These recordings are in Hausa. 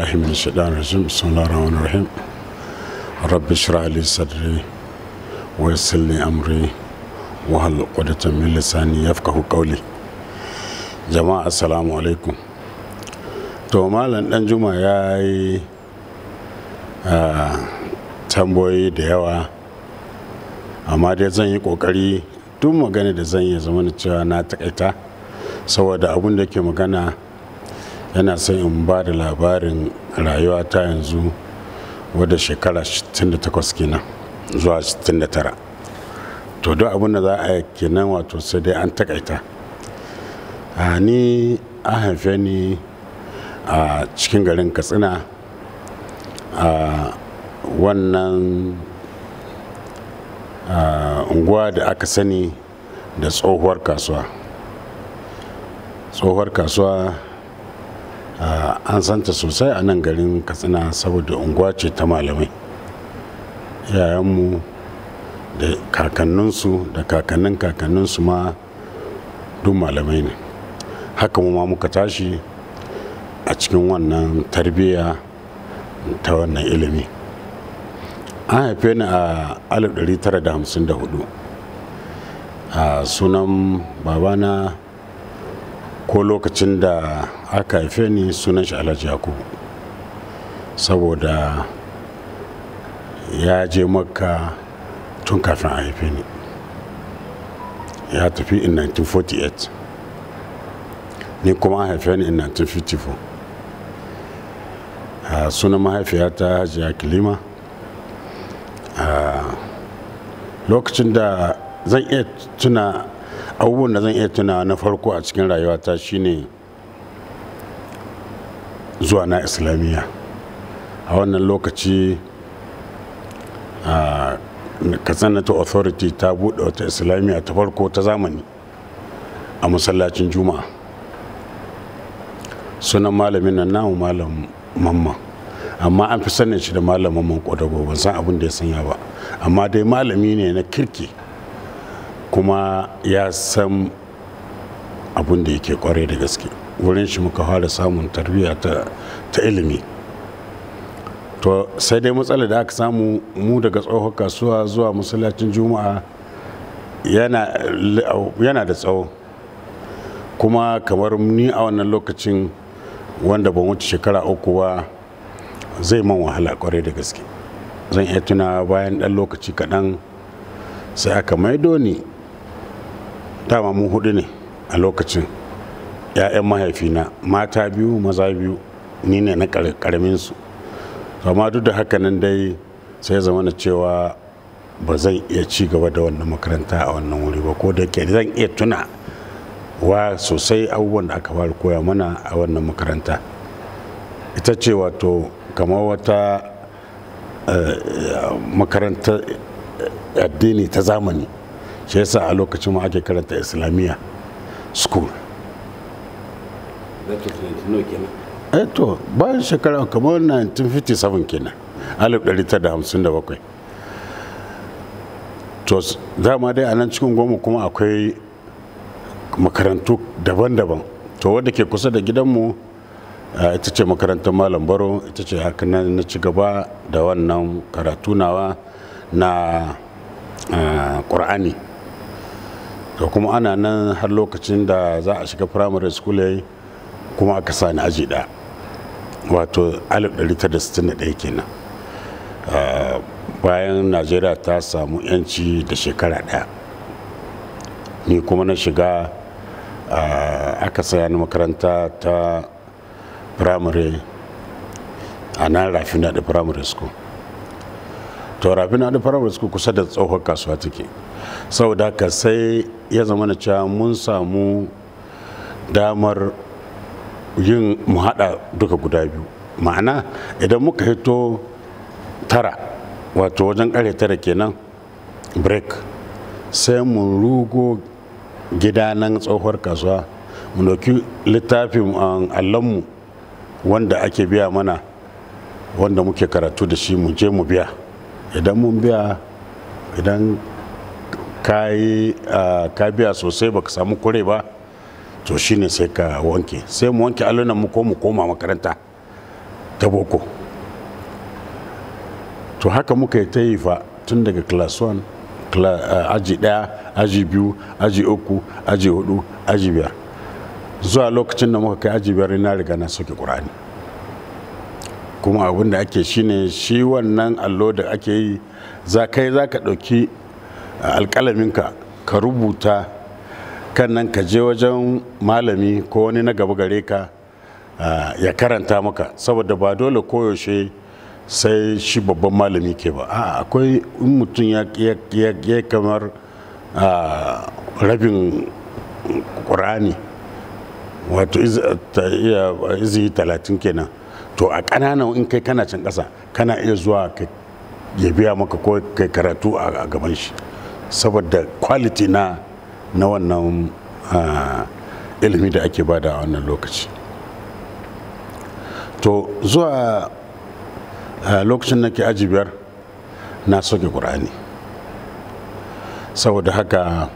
billahi min shaitan rabbi shrah li lisani yafqahu qawli jama'a assalamu to malam dan juma yayi tamboyi da yawa amma dai zan yi kokari duk magana da zan yi zama na takaita saboda abin da ke magana yana son in ba da labarin rayuwa ta yanzu wadda shekara 68 kenan zuwa 69 to duk abin da za a yi kenan wato sai dai an takaita a ni a haife ni a cikin garin katsina a wannan unguwa da aka sani da tsohuwar kasuwa tsohuwar kasuwa Ah, an santa sosai a nan garin katsina saboda unguwa ce ta malamai yayanmu da kakanninsu da kakannin kakanninsu ma duk malamai ne haka mu ma muka tashi a cikin wannan tarbiyya ta wannan ilimi an haife ni a 1954 a ah, sunan babana ko lokacin da aka haife ni sunan shi alhaji yakubu saboda ya je makka tun kafin a haife ni ya tafi in 1948 ni kuma an haife ni in 1954 a sunan mahaifiyata hajiya kilima a lokacin da zan iya tuna abubuwan da zan iya tuna na farko a cikin rayuwata shine zuwa na islamiyya a wannan lokaci a ah, katsanata authority ta buɗe wata islamiyya ta farko ta zamani a masallacin juma'a sunan malamin nan namu malam mamman amma an fi sanin shi da malam mamman kwadago ban san abin da ya sanya ba amma dai malami ne na kirki kuma ya san abin da yake kwarai da gaske wurin shi muka fara samun tarbiyya ta, ta ilimi to sai dai matsalar da aka samu mu daga tsohon kasuwa zuwa masallacin juma'a yana, da tsawo kuma kamar ni a wannan lokacin wanda ban wuce shekara uku ba zai man wahala kwarai da gaske zan iya tuna bayan ɗan lokaci kaɗan sai aka maido ni dama mu hudu ne a lokacin 'ya'yan mahaifina mata biyu maza biyu ni ne na karamin su amma duk da haka nan dai sai zama na cewa ba zan iya ci gaba da wannan makaranta a wannan wuri ba ko da ke zan iya tuna wa sosai abubuwan da aka fara koya mana a wannan makaranta ita ce wato kamar wata eh, makarantar eh, addini ta zamani shi yasa a lokacin ma ake karanta islamiyya school eh to bayan shekara kamar 1957 kenan 1957 to dama dai a nan cikin goma kuma akwai makarantu daban-daban to wadda ke kusa da gidanmu ita ce makarantar malam baro ita ce haka na ci gaba da wannan karatunawa na ƙur'ani to kuma ana nan har lokacin da za a shiga primary school kuma aka sani aji da wato 1961 kenan ah, bayan najeriya ta samu yanci da shekara ɗaya, ni kuma na shiga ah, aka ni makaranta ta primary a nan rafina da primary school to rafina da primary school kusa da tsohon kasuwa take saboda ka sai ya zama na cewa mun samu damar yin mu hada duka guda biyu ma'ana idan muka hito tara wato wajen kare tara kenan break sai mu rugo gida nan tsohuwar kasuwa mu ɗauki littafin um, mu wanda ake biya mana wanda muke karatu da shi mu je mu biya idan mun biya idan ka biya sosai baka samu kure ba to shine sai ka wanke sai mu wanke allunan mu ko mu koma makaranta ta boko to haka muka yi ta yi fa tun daga class 1 aji daya aji biyu aji uku aji hudu aji biyar zuwa lokacin da muka kai aji biyar na riga na soke kur'ani kuma abinda ake shine shi wannan allo da ake yi za kai za ka ɗauki alƙalaminka ka rubuta kan nan ka je wajen malami ko wani na gaba gare ka ya karanta maka saboda ba dole koyaushe sai shi babban malami ke ba a'a akwai in mutum ya kamar rabin ƙurani wato izi talatin kenan to a ƙananan in kai kana can ƙasa kana iya zuwa ya biya maka ko kai karatu a gaban shi saboda quality na na wannan ah, ilimi da ake bada a wannan lokaci to zuwa ah, lokacin na ke aji biyar na soke ƙur'ani saboda haka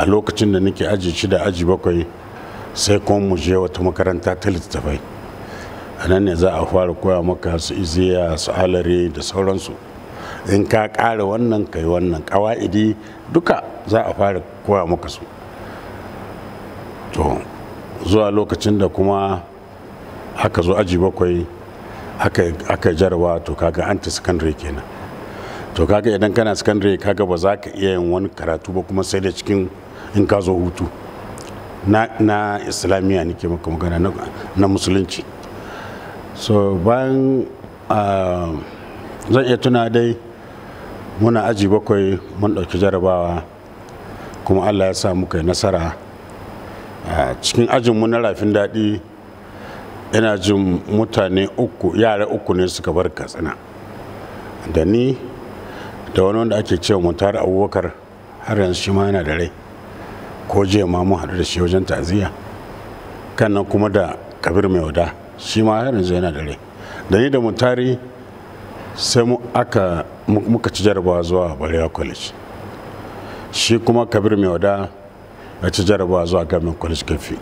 a lokacin da nake aji shida aji bakwai sai kuma mu je wata makaranta ta littattafai a nan ne za a fara koya maka su iziya su alare da sauransu in ka ƙara wannan ka yi wannan ƙawa'idi duka za a fara koya maka su to zuwa lokacin da kuma aka zo aji bakwai aka jarwa to kaga anti secondary kenan to kaga idan kana secondary kaga ba za ka iya yin wani karatu ba kuma sai da cikin in ka zo hutu na, na islamiyya nake maka magana na, musulunci so bayan ah, zan iya tuna dai muna aji bakwai mun ɗauki jarabawa kuma allah ya sa muka yi nasara a cikin ajinmu na rafin daɗi yana jin mutane uku yara uku ne suka bar katsina da ni da wani wanda ake cewa mutar abubakar har yanzu shi ma yana da rai ko jiya ma mun haɗu da shi wajen ta'aziyya kan nan kuma da kabir mai wada shi ma har yanzu yana da rai da ni da mutari sai mu aka muka ci jarabawa zuwa Barewa College shi kuma Kabir mai wada ya ci jarabawa zuwa Government College Kafi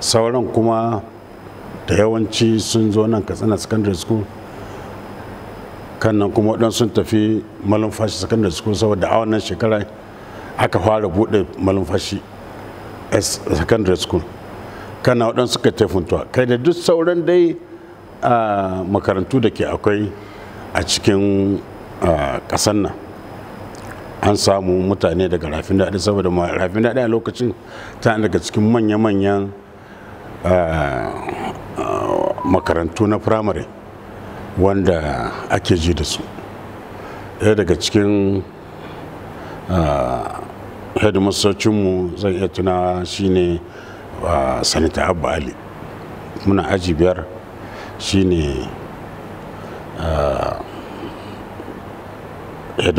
sauran kuma da yawanci sun zo nan Katsina Secondary School kan nan kuma waɗansu sun tafi malumfashi Secondary School saboda a wannan shekara aka fara buɗe malumfashi Secondary School nan waɗansu suka tefuntuwa kai da duk sauran dai ah, makarantu da ke akwai a cikin a ƙasan nan an samu mutane daga rafin daɗi saboda ma rafin daɗi a lokacin ta daga cikin manya-manyan makarantu na firamare wanda ake ji da su ɗaya daga cikin headmastocinmu zan iya tunawa shine sanita abba ali muna aji biyar shine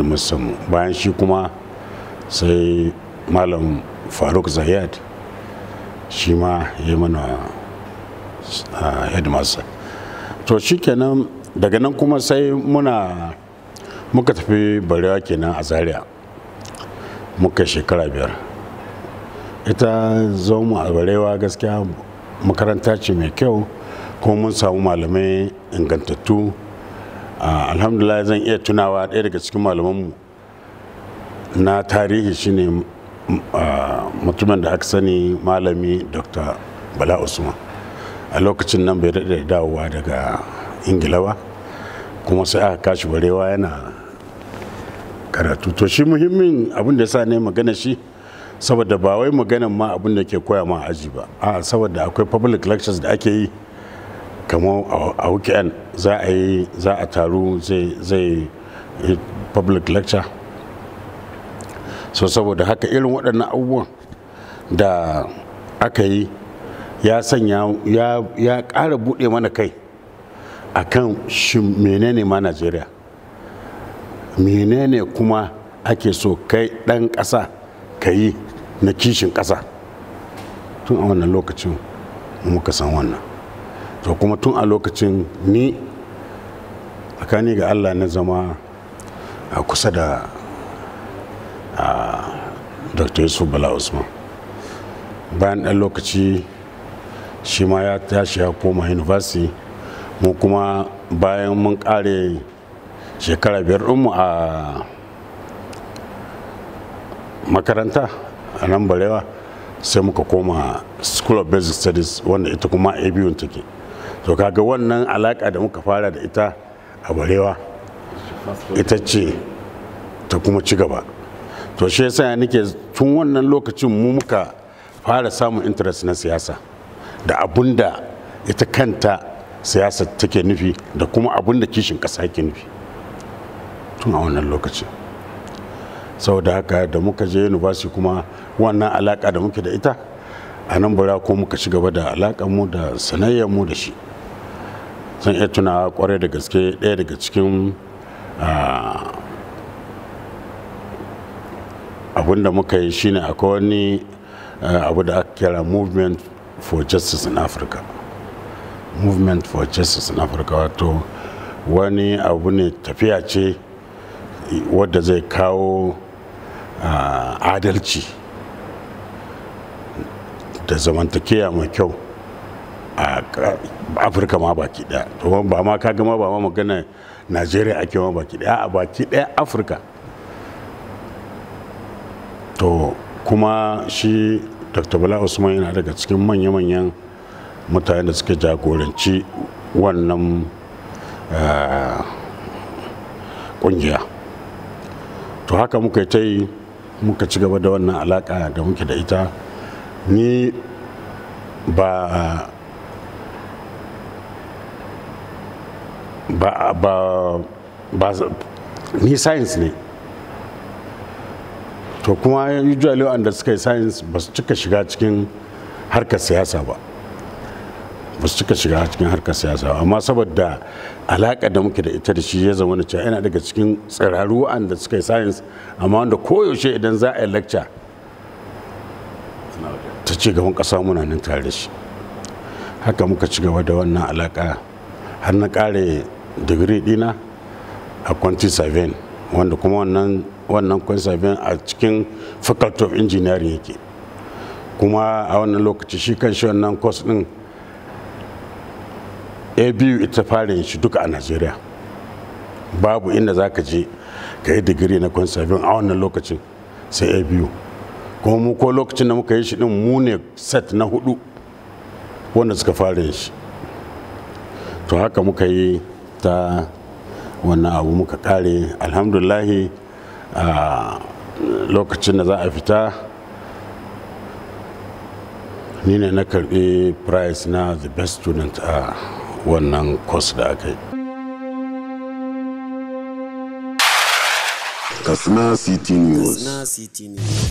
mu bayan shi kuma sai malam faruk zayed shi ma ya mana edmundson to shi kenan daga nan kuma sai muna muka tafi barewa kenan a zaria muka shekara biyar ita mu a barewa gaskiya makaranta ce mai kyau kuma mun samu malamai ingantattu alhamdulillah zan iya tunawa ɗaya daga cikin malamanmu na tarihi shine mutumin da aka sani malami dr bala usman a lokacin nan bai daɗe dawowa daga ingila ba kuma sai aka kashi barewa yana karatu to shi muhimmin abin da ya sa ne magana shi saboda ba wai maganan ma abin da ke koya ma aji ba a saboda akwai public lectures da ake yi kamar a weekend za a yi za a taru zai yi public lecture so saboda haka irin waɗannan abubuwan da aka yi ya sanya ya ƙara buɗe mana kai a kan shi menene ma najeriya menene kuma ake so kai ɗan ƙasa ka yi na kishin ƙasa tun a wannan lokacin muka san wannan to kuma tun a lokacin ni tsakani ga allah na zama a kusa da dr yusuf bala usman bayan ɗan lokaci shi ma ya tashi ya koma university mu kuma bayan mun ƙare shekara biyar ɗinmu a makaranta a nan barewa sai muka koma school of basic studies wanda ita kuma abu take. take to kaga wannan alaka da muka fara da ita a barewa ita ce ta kuma ci gaba to shi yasa nake tun wannan lokacin mu muka fara samun interest na siyasa da abun da ita kanta siyasa take nufi da kuma abun da kishin ƙasa yake nufi tun a wannan lokacin saboda haka da muka je university kuma wannan alaka da muke da ita a nan bara ko muka ci gaba da alaƙar mu da sanayyar mu da shi sun iya tunawa kwarai da gaske ɗaya daga cikin ah, abin da muka yi shine akwai wani eh, abu da aka kira movement for justice in africa movement for justice in africa wato wani abu ne tafiya ce wadda zai kawo ah, adalci da zamantakewa mai kyau a afirka ma baki daya to ba ma ka gama ba ma magana najeriya ake ma baki daya a baki daya afirka to kuma shi dr bala usman yana daga cikin manya-manyan mutane da suka jagoranci wannan kungiya eh, to haka muka ta yi muka ci gaba da wannan alaka da muke da ita ni ba ba ba ba ni science ne to kuma usually wanda suka yi science ba su cika shiga cikin harkar siyasa ba ba su cika shiga cikin harkar siyasa amma saboda alaƙa da muke da ita da shi ya zama na cewa yana daga cikin tsiraru wanda suka yi science amma wanda koyaushe idan za a yi lecture ta ci gaban ƙasa muna nan tare da shi haka muka ci gaba da wannan alaƙa har na ƙare digiri dina a kwanti saven wanda kuma wannan wannan saven a cikin faculty of engineering yake kuma a wannan lokaci shi kan shi wannan course din abu ita fara yin shi duka a nigeria. babu inda za ka je ka yi digiri na conserving a wannan lokacin sai abu kuma mu ko lokacin da muka yi shi din mu ne set na hudu wanda suka fara yin shi to haka muka yi ta wannan abu muka kare alhamdulahi a lokacin da za a fita ni ne na karbi Price na the best student a wannan course da aka yi kasna city news